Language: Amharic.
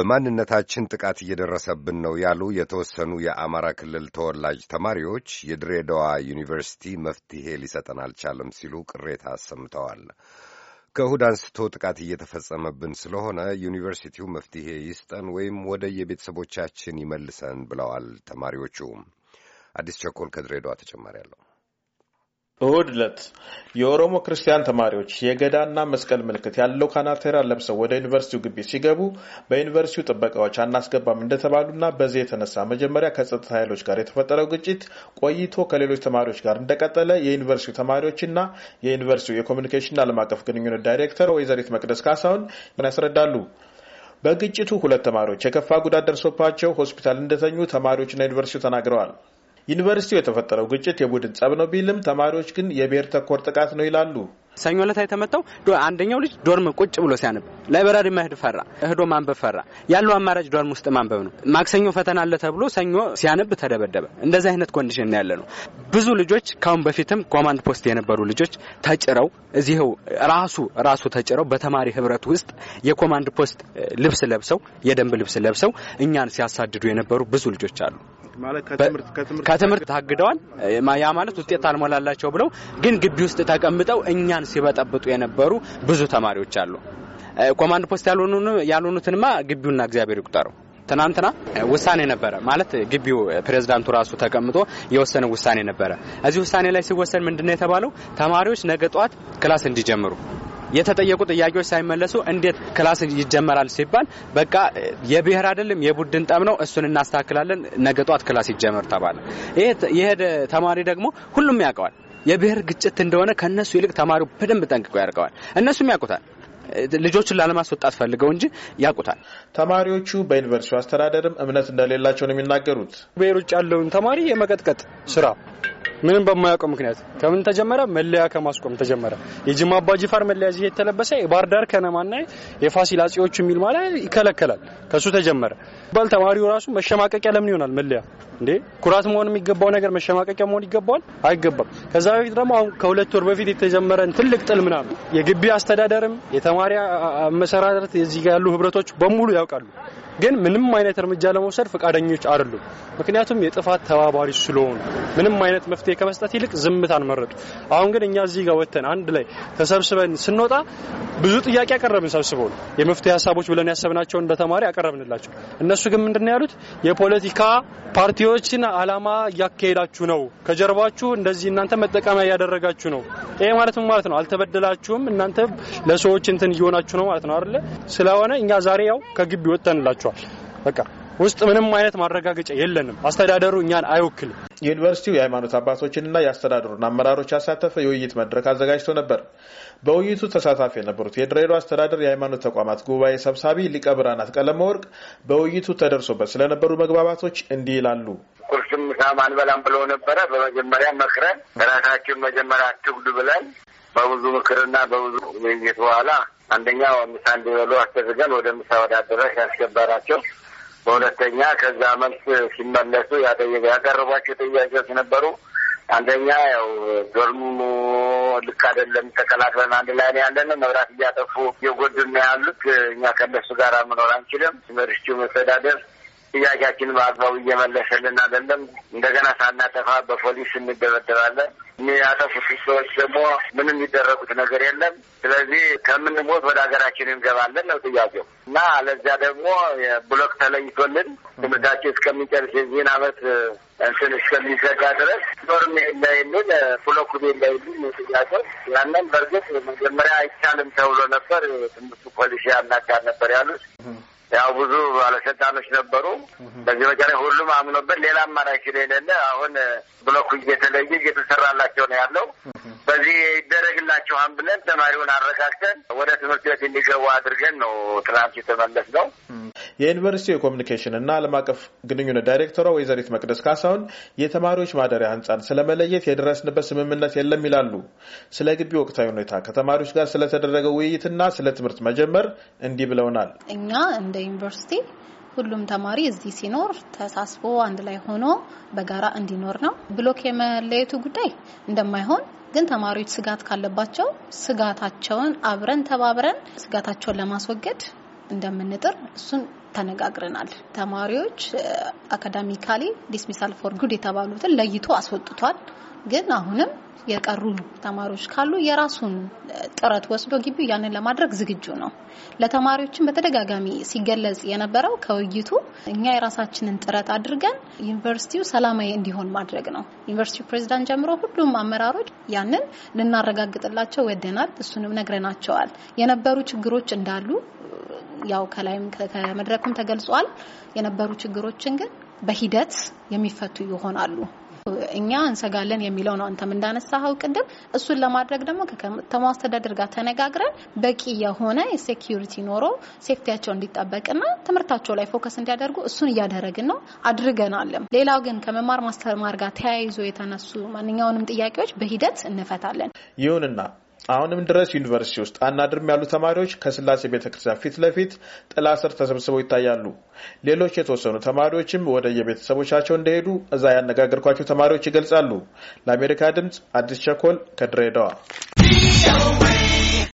በማንነታችን ጥቃት እየደረሰብን ነው ያሉ የተወሰኑ የአማራ ክልል ተወላጅ ተማሪዎች የድሬዳዋ ዩኒቨርሲቲ መፍትሄ ሊሰጠን አልቻለም ሲሉ ቅሬታ አሰምተዋል። ከእሁድ አንስቶ ጥቃት እየተፈጸመብን ስለሆነ ዩኒቨርሲቲው መፍትሄ ይስጠን ወይም ወደ የቤተሰቦቻችን ይመልሰን ብለዋል ተማሪዎቹ። አዲስ ቸኮል ከድሬዳዋ ተጨማሪ አለው። እሁድ ዕለት የኦሮሞ ክርስቲያን ተማሪዎች የገዳና መስቀል ምልክት ያለው ካናቴራ ለብሰው ወደ ዩኒቨርሲቲው ግቢ ሲገቡ በዩኒቨርሲቲው ጥበቃዎች አናስገባም እንደተባሉና በዚህ የተነሳ መጀመሪያ ከጸጥታ ኃይሎች ጋር የተፈጠረው ግጭት ቆይቶ ከሌሎች ተማሪዎች ጋር እንደቀጠለ የዩኒቨርሲቲው ተማሪዎችና የዩኒቨርሲቲው የኮሚኒኬሽንና ዓለም አቀፍ ግንኙነት ዳይሬክተር ወይዘሪት መቅደስ ካሳሁን ያስረዳሉ። በግጭቱ ሁለት ተማሪዎች የከፋ ጉዳት ደርሶባቸው ሆስፒታል እንደተኙ ተማሪዎችና ዩኒቨርሲቲው ተናግረዋል። ዩኒቨርሲቲው የተፈጠረው ግጭት የቡድን ጸብ ነው ቢልም ተማሪዎች ግን የብሔር ተኮር ጥቃት ነው ይላሉ። ሰኞ ለታ የተመታው አንደኛው ልጅ ዶርም ቁጭ ብሎ ሲያነብ ላይበራሪ መሄድ ፈራ፣ እህዶ ማንበብ ፈራ። ያለው አማራጭ ዶርም ውስጥ ማንበብ ነው። ማክሰኞ ፈተና አለ ተብሎ ሰኞ ሲያነብ ተደበደበ። እንደዚህ አይነት ኮንዲሽን ያለ ነው። ብዙ ልጆች ካሁን በፊትም ኮማንድ ፖስት የነበሩ ልጆች ተጭረው እዚህው ራሱ ራሱ ተጭረው በተማሪ ህብረት ውስጥ የኮማንድ ፖስት ልብስ ለብሰው የደንብ ልብስ ለብሰው እኛን ሲያሳድዱ የነበሩ ብዙ ልጆች አሉ። ከትምህርት ታግደዋል። ያ ማለት ውጤት አልሞላላቸው ብለው ግን ግቢ ውስጥ ተቀምጠው እኛን ሲበጠብጡ የነበሩ ብዙ ተማሪዎች አሉ። ኮማንድ ፖስት ያልሆኑትንማ ግቢውና እግዚአብሔር ይቁጠረው። ትናንትና ውሳኔ ነበረ ማለት ግቢው ፕሬዝዳንቱ ራሱ ተቀምጦ የወሰነ ውሳኔ ነበረ። እዚህ ውሳኔ ላይ ሲወሰን ምንድነው የተባለው? ተማሪዎች ነገ ጠዋት ክላስ እንዲጀምሩ የተጠየቁ ጥያቄዎች ሳይመለሱ እንዴት ክላስ ይጀመራል ሲባል በቃ የብሔር አይደለም የቡድን ጠብ ነው፣ እሱን እናስተካክላለን፣ ነገ ጧት ክላስ ይጀመር ተባለ። ይሄ ተማሪ ደግሞ ሁሉም ያውቀዋል የብሔር ግጭት እንደሆነ ከነሱ ይልቅ ተማሪው በደንብ ጠንቅቆ ያርገዋል። እነሱም ያውቁታል። ልጆቹን ላለማስወጣት ፈልገው እንጂ ያውቁታል። ተማሪዎቹ በዩኒቨርሲቲው አስተዳደርም እምነት እንደሌላቸው ነው የሚናገሩት። ብሔር ውጭ ያለውን ተማሪ የመቀጥቀጥ ስራ ምንም በማያውቀው ምክንያት ከምን ተጀመረ? መለያ ከማስቆም ተጀመረ። የጅማ አባጅፋር መለያ እዚህ የተለበሰ የባህርዳር ከነማ ከነማና የፋሲል አጼዎች የሚል ማለት ይከለከላል። ከሱ ተጀመረ ባል ተማሪው ራሱ መሸማቀቂያ ለምን ይሆናል? መለያ እንዴ ኩራት መሆን የሚገባው ነገር መሸማቀቂያ መሆን ይገባዋል? አይገባም። ከዛ በፊት ደግሞ አሁን ከሁለት ወር በፊት የተጀመረን ትልቅ ጥል ምናምን የግቢ አስተዳደርም የተማሪ መሰራረት እዚህ ጋር ያሉ ህብረቶች በሙሉ ያውቃሉ። ግን ምንም አይነት እርምጃ ለመውሰድ ፈቃደኞች አይደሉም። ምክንያቱም የጥፋት ተባባሪ ስለሆኑ ምንም አይነት መፍትሄ ከመስጠት ይልቅ ዝምታን መረጡ። አሁን ግን እኛ እዚህ ጋር ወተን አንድ ላይ ተሰብስበን ስንወጣ ብዙ ጥያቄ ያቀረብን ሰብስበው የመፍትሄ ሀሳቦች ብለን ያሰብናቸው እንደ ተማሪ ያቀረብንላቸው እነሱ ግን ምንድነው ያሉት የፖለቲካ ፓርቲዎችን አላማ እያካሄዳችሁ ነው፣ ከጀርባችሁ እንደዚህ እናንተ መጠቀሚያ እያደረጋችሁ ነው። ይሄ ማለትም ማለት ነው? አልተበደላችሁም እናንተ ለሰዎች እንትን እየሆናችሁ ነው ማለት ነው አይደለ? ስለሆነ እኛ ዛሬ ያው ከግቢ ወጥተንላችኋል። 那个。ውስጥ ምንም አይነት ማረጋገጫ የለንም። አስተዳደሩ እኛን አይወክልም። ዩኒቨርሲቲው የሃይማኖት አባቶችንና የአስተዳደሩን አመራሮች ያሳተፈ የውይይት መድረክ አዘጋጅቶ ነበር። በውይይቱ ተሳታፊ የነበሩት የድሬዳዋ አስተዳደር የሃይማኖት ተቋማት ጉባኤ ሰብሳቢ ሊቀ ብርሃናት ቀለመወርቅ በውይይቱ ተደርሶበት ስለነበሩ መግባባቶች እንዲህ ይላሉ። ቁርስም ምሳም አንበላም ብለው ነበረ። በመጀመሪያ መክረን ራሳችን መጀመሪያ አትጉዱ ብለን በብዙ ምክርና በብዙ ውይይት በኋላ አንደኛው ምሳ እንዲበሉ አስደርገን ወደ ምሳ ወደ አዳራሽ በሁለተኛ ከዛ መልስ ሲመለሱ ያቀረቧቸው ጥያቄዎች ነበሩ። አንደኛ ያው ዶርሙ ልክ አይደለም፣ ተቀላቅለን አንድ ላይ ነው ያለን፣ መብራት እያጠፉ እየጎዱን ነው ያሉት፣ እኛ ከነሱ ጋር መኖር አንችልም። መርሽቹ መስተዳደር ጥያቄያችን በአግባቡ እየመለሰልን አይደለም። እንደገና ሳናጠፋ በፖሊስ እንደበደባለን። የሚያጠፉት ሰዎች ደግሞ ምንም የሚደረጉት ነገር የለም። ስለዚህ ከምንሞት ወደ ሀገራችን እንገባለን ነው ጥያቄው እና ለዚያ ደግሞ ብሎክ ተለይቶልን ትምህርታችን እስከሚጨርስ የዚህን አመት እንትን እስከሚዘጋ ድረስ ዶርም የለይልን ብሎክ የለይልን ጥያቄው ያንን በእርግጥ መጀመሪያ አይቻልም ተብሎ ነበር። ትምህርቱ ፖሊሲ ያናጋር ነበር ያሉት ያው ብዙ ባለስልጣኖች ነበሩ። በዚህ መጨረ ሁሉም አምኖበት ሌላ አማራጭ የሌለ አሁን ብሎኩ እየተለየ እየተሰራላቸው ነው ያለው። በዚህ ይደረግላቸዋል ብለን ተማሪውን አረጋግተን ወደ ትምህርት ቤት እንዲገቡ አድርገን ነው ትናንት የተመለስ ነው። የዩኒቨርሲቲ የኮሚኒኬሽን እና ዓለም አቀፍ ግንኙነት ዳይሬክተሯ ወይዘሪት መቅደስ ካሳሁን የተማሪዎች ማደሪያ ህንፃን ስለመለየት የደረስንበት ስምምነት የለም ይላሉ። ስለ ግቢ ወቅታዊ ሁኔታ ከተማሪዎች ጋር ስለተደረገ ውይይትና ስለ ትምህርት መጀመር እንዲህ ብለውናል። እኛ እንደ ዩኒቨርሲቲ ሁሉም ተማሪ እዚህ ሲኖር ተሳስቦ አንድ ላይ ሆኖ በጋራ እንዲኖር ነው። ብሎክ የመለየቱ ጉዳይ እንደማይሆን ግን ተማሪዎች ስጋት ካለባቸው ስጋታቸውን አብረን ተባብረን ስጋታቸውን ለማስወገድ እንደምንጥር እሱን ተነጋግረናል። ተማሪዎች አካዳሚካሊ ዲስሚሳል ፎር ጉድ የተባሉትን ለይቶ አስወጥቷል። ግን አሁንም የቀሩ ተማሪዎች ካሉ የራሱን ጥረት ወስዶ ግቢው ያንን ለማድረግ ዝግጁ ነው። ለተማሪዎችም በተደጋጋሚ ሲገለጽ የነበረው ከውይይቱ እኛ የራሳችንን ጥረት አድርገን ዩኒቨርሲቲው ሰላማዊ እንዲሆን ማድረግ ነው። ዩኒቨርሲቲው ፕሬዚዳንት ጀምሮ ሁሉም አመራሮች ያንን ልናረጋግጥላቸው ወደናል። እሱንም ነግረናቸዋል። የነበሩ ችግሮች እንዳሉ ያው ከላይም ከመድረኩም ተገልጿል። የነበሩ ችግሮችን ግን በሂደት የሚፈቱ ይሆናሉ። እኛ እንሰጋለን የሚለው ነው። አንተም እንዳነሳኸው ቅድም እሱን ለማድረግ ደግሞ ከከተማ አስተዳደር ጋር ተነጋግረን በቂ የሆነ ሴኪሪቲ ኖሮ ሴፍቲያቸው እንዲጠበቅና ትምህርታቸው ላይ ፎከስ እንዲያደርጉ እሱን እያደረግን ነው፣ አድርገናልም። ሌላው ግን ከመማር ማስተማር ጋር ተያይዞ የተነሱ ማንኛውንም ጥያቄዎች በሂደት እንፈታለን። ይሁንና አሁንም ድረስ ዩኒቨርሲቲ ውስጥ አናድርም ያሉ ተማሪዎች ከስላሴ ቤተክርስቲያን ፊት ለፊት ጥላ ስር ተሰብስበው ይታያሉ። ሌሎች የተወሰኑ ተማሪዎችም ወደ የቤተሰቦቻቸው እንደሄዱ እዛ ያነጋገርኳቸው ተማሪዎች ይገልጻሉ። ለአሜሪካ ድምፅ አዲስ ቸኮል ከድሬዳዋ